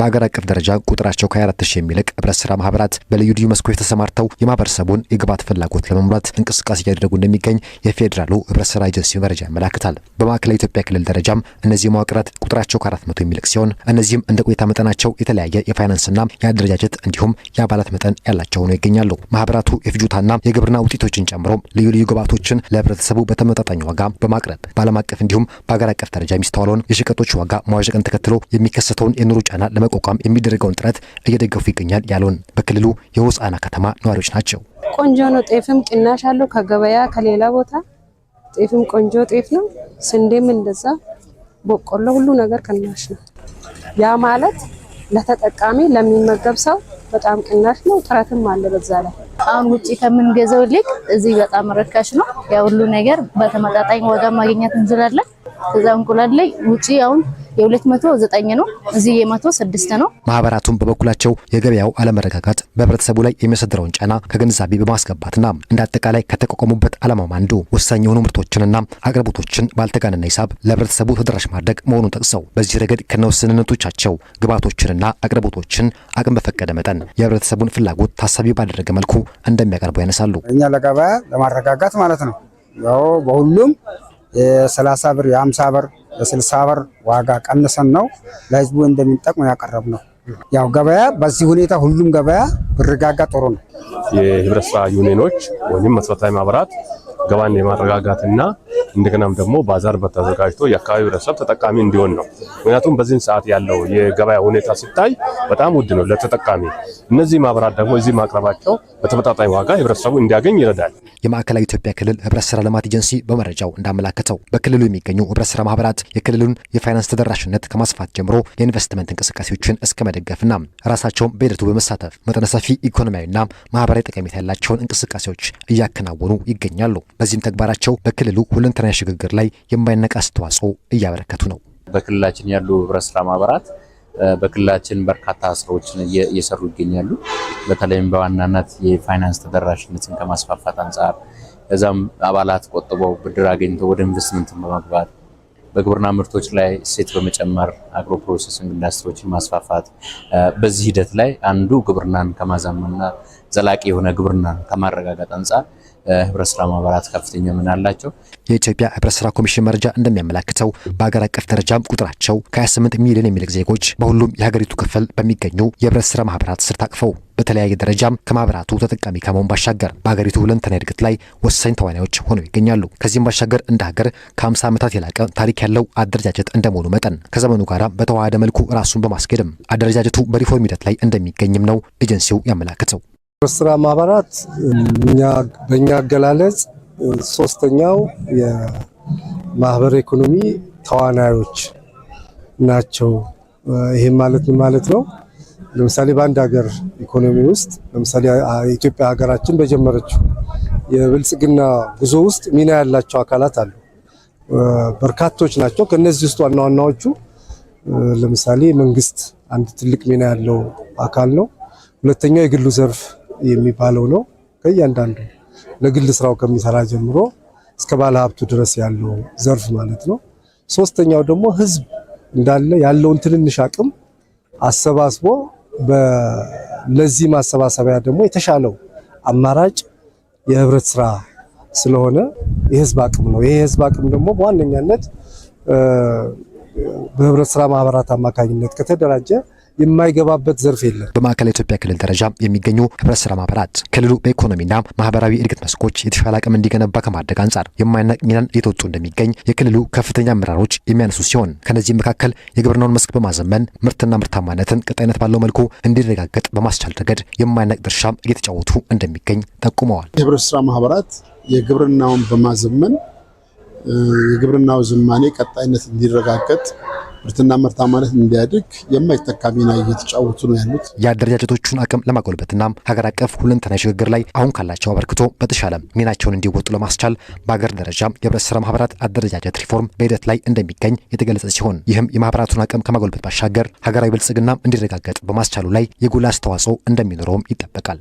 በሀገር አቀፍ ደረጃ ቁጥራቸው ከ24 ሺህ የሚልቅ ህብረት ስራ ማህበራት በልዩ ልዩ መስኮች ተሰማርተው የማህበረሰቡን የግብዓት ፍላጎት ለመሙላት እንቅስቃሴ እያደረጉ እንደሚገኝ የፌዴራሉ ህብረት ስራ ኤጀንሲ መረጃ ያመላክታል። በማዕከላዊ ኢትዮጵያ ክልል ደረጃም እነዚህ መዋቅራት ቁጥራቸው ከ400 የሚልቅ ሲሆን እነዚህም እንደ ቆይታ መጠናቸው የተለያየ የፋይናንስና የአደረጃጀት እንዲሁም የአባላት መጠን ያላቸው ሆነው ይገኛሉ። ማህበራቱ የፍጆታና የግብርና ውጤቶችን ጨምሮ ልዩ ልዩ ግብዓቶችን ለህብረተሰቡ በተመጣጣኝ ዋጋ በማቅረብ በዓለም አቀፍ እንዲሁም በሀገር አቀፍ ደረጃ የሚስተዋለውን የሸቀጦች ዋጋ መዋዠቅን ተከትሎ የሚከሰተውን የኑሮ ጫና ለመቋቋም የሚደረገውን ጥረት እየደገፉ ይገኛል ያለውን በክልሉ የሆሳዕና ከተማ ነዋሪዎች ናቸው። ቆንጆ ነው። ጤፍም ቅናሽ አለው ከገበያ ከሌላ ቦታ ጤፍም ቆንጆ ጤፍ ነው። ስንዴም እንደዛ፣ በቆሎ ሁሉ ነገር ቅናሽ ነው። ያ ማለት ለተጠቃሚ ለሚመገብ ሰው በጣም ቅናሽ ነው። ጥረትም አለ በዛ ላይ አሁን ውጭ ከምንገዛው ይልቅ እዚህ በጣም ርካሽ ነው። ያ ሁሉ ነገር በተመጣጣኝ ዋጋ ማግኘት እንችላለን። ከዛ እንቁላል ላይ ውጭ አሁን የሁለት መቶ ዘጠኝ ነው፣ እዚህ የመቶ ስድስት ነው። ማህበራቱም በበኩላቸው የገበያው አለመረጋጋት በህብረተሰቡ ላይ የሚያሳድረውን ጫና ከግንዛቤ በማስገባትና እንደ አጠቃላይ ከተቋቋሙበት አላማም አንዱ ወሳኝ የሆኑ ምርቶችንና አቅርቦቶችን ባልተጋነነ ሂሳብ ለህብረተሰቡ ተደራሽ ማድረግ መሆኑን ጠቅሰው በዚህ ረገድ ከነወስንነቶቻቸው ግብዓቶችንና አቅርቦቶችን አቅም በፈቀደ መጠን የህብረተሰቡን ፍላጎት ታሳቢ ባደረገ መልኩ እንደሚያቀርቡ ያነሳሉ። እኛ ለገበያ ለማረጋጋት ማለት ነው ያው በሁሉም የሰላሳ ብር የሀምሳ ብር የስልሳ ብር ዋጋ ቀንሰን ነው ለህዝቡ እንደሚጠቅሙ ያቀረብ ነው። ያው ገበያ በዚህ ሁኔታ ሁሉም ገበያ ብርጋጋ ጥሩ ነው። የህብረት ስራ ዩኒዮኖች ወይም መሰረታዊ ማህበራት ገበያን የማረጋጋትና እንደገናም ደግሞ ባዛር በተዘጋጅቶ የአካባቢው ህብረተሰብ ተጠቃሚ እንዲሆን ነው። ምክንያቱም በዚህን ሰዓት ያለው የገበያ ሁኔታ ሲታይ በጣም ውድ ነው ለተጠቃሚ። እነዚህ ማህበራት ደግሞ እዚህ ማቅረባቸው በተመጣጣኝ ዋጋ ህብረተሰቡ እንዲያገኝ ይረዳል። የማዕከላዊ ኢትዮጵያ ክልል ህብረት ስራ ልማት ኤጀንሲ በመረጃው እንዳመላከተው በክልሉ የሚገኙ ህብረት ስራ ማህበራት የክልሉን የፋይናንስ ተደራሽነት ከማስፋት ጀምሮ የኢንቨስትመንት እንቅስቃሴዎችን እስከ መደገፍና ራሳቸውን በሂደቱ በመሳተፍ መጠነ ሰፊ ኢኮኖሚያዊና ማህበራዊ ጠቀሜታ ያላቸውን እንቅስቃሴዎች እያከናወኑ ይገኛሉ። በዚህም ተግባራቸው በክልሉ ሁለንተ በማዕከላዊ ሽግግር ላይ የማይነቅ አስተዋጽኦ እያበረከቱ ነው። በክልላችን ያሉ ህብረት ስራ ማህበራት በክልላችን በርካታ ስራዎችን እየሰሩ ይገኛሉ። በተለይም በዋናነት የፋይናንስ ተደራሽነትን ከማስፋፋት አንጻር እዛም አባላት ቆጥበው ብድር አገኝተው ወደ ኢንቨስትመንት በመግባት በግብርና ምርቶች ላይ እሴት በመጨመር አግሮ ፕሮሰሲንግ ኢንዱስትሪዎችን ማስፋፋት፣ በዚህ ሂደት ላይ አንዱ ግብርናን ከማዛመንና ዘላቂ የሆነ ግብርና ከማረጋጋት አንጻር ህብረት ስራ ማህበራት ከፍተኛ ምን አላቸው። የኢትዮጵያ ህብረት ስራ ኮሚሽን መረጃ እንደሚያመላክተው በሀገር አቀፍ ደረጃም ቁጥራቸው ከ28 ሚሊዮን የሚልቅ ዜጎች በሁሉም የሀገሪቱ ክፍል በሚገኙ የህብረት ስራ ማህበራት ስር ታቅፈው በተለያየ ደረጃም ከማብራቱ ተጠቃሚ ከመሆን ባሻገር በሀገሪቱ ሁለንተናዊ እድገት ላይ ወሳኝ ተዋናዮች ሆነው ይገኛሉ። ከዚህም ባሻገር እንደ ሀገር ከ50 ዓመታት የላቀ ታሪክ ያለው አደረጃጀት እንደመሆኑ መጠን ከዘመኑ ጋር በተዋሃደ መልኩ ራሱን በማስኬድም አደረጃጀቱ በሪፎርም ሂደት ላይ እንደሚገኝም ነው ኤጀንሲው ያመላክተው። ስራ ማህበራት በእኛ አገላለጽ ሶስተኛው የማህበረ ኢኮኖሚ ተዋናዮች ናቸው። ይህም ማለት ምን ማለት ነው? ለምሳሌ በአንድ ሀገር ኢኮኖሚ ውስጥ ለምሳሌ ኢትዮጵያ ሀገራችን በጀመረችው የብልጽግና ጉዞ ውስጥ ሚና ያላቸው አካላት አሉ። በርካቶች ናቸው። ከነዚህ ውስጥ ዋና ዋናዎቹ ለምሳሌ መንግስት አንድ ትልቅ ሚና ያለው አካል ነው። ሁለተኛው የግሉ ዘርፍ የሚባለው ነው። ከእያንዳንዱ ለግል ስራው ከሚሰራ ጀምሮ እስከ ባለ ሀብቱ ድረስ ያለው ዘርፍ ማለት ነው። ሶስተኛው ደግሞ ህዝብ እንዳለ ያለውን ትንንሽ አቅም አሰባስቦ ለዚህ ማሰባሰቢያ ደግሞ የተሻለው አማራጭ የህብረት ስራ ስለሆነ የህዝብ አቅም ነው። ይህ የህዝብ አቅም ደግሞ በዋነኛነት በህብረት ስራ ማህበራት አማካኝነት ከተደራጀ የማይገባበት ዘርፍ የለም። በማዕከላዊ ኢትዮጵያ ክልል ደረጃ የሚገኙ ህብረት ስራ ማህበራት ክልሉ በኢኮኖሚና ማህበራዊ እድገት መስኮች የተሻለ አቅም እንዲገነባ ከማድረግ አንጻር የማይነቅ ሚናን እየተወጡ እንደሚገኝ የክልሉ ከፍተኛ አመራሮች የሚያነሱ ሲሆን ከነዚህም መካከል የግብርናውን መስክ በማዘመን ምርትና ምርታማነትን ቀጣይነት ባለው መልኩ እንዲረጋገጥ በማስቻል ረገድ የማይነቅ ድርሻም እየተጫወቱ እንደሚገኝ ጠቁመዋል። የህብረት ስራ ማህበራት የግብርናውን በማዘመን የግብርናው ዝማኔ ቀጣይነት እንዲረጋገጥ ምርትና ምርታማነት እንዲያድግ የማይተካ ሚና እየተጫወቱ ነው ያሉት የአደረጃጀቶቹን አቅም ለማጎልበትና ሀገር አቀፍ ሁለንተና ሽግግር ላይ አሁን ካላቸው አበርክቶ በተሻለ ሚናቸውን እንዲወጡ ለማስቻል በሀገር ደረጃ የህብረት ስራ ማህበራት አደረጃጀት ሪፎርም በሂደት ላይ እንደሚገኝ የተገለጸ ሲሆን ይህም የማህበራቱን አቅም ከማጎልበት ባሻገር ሀገራዊ ብልጽግና እንዲረጋገጥ በማስቻሉ ላይ የጎላ አስተዋጽኦ እንደሚኖረውም ይጠበቃል።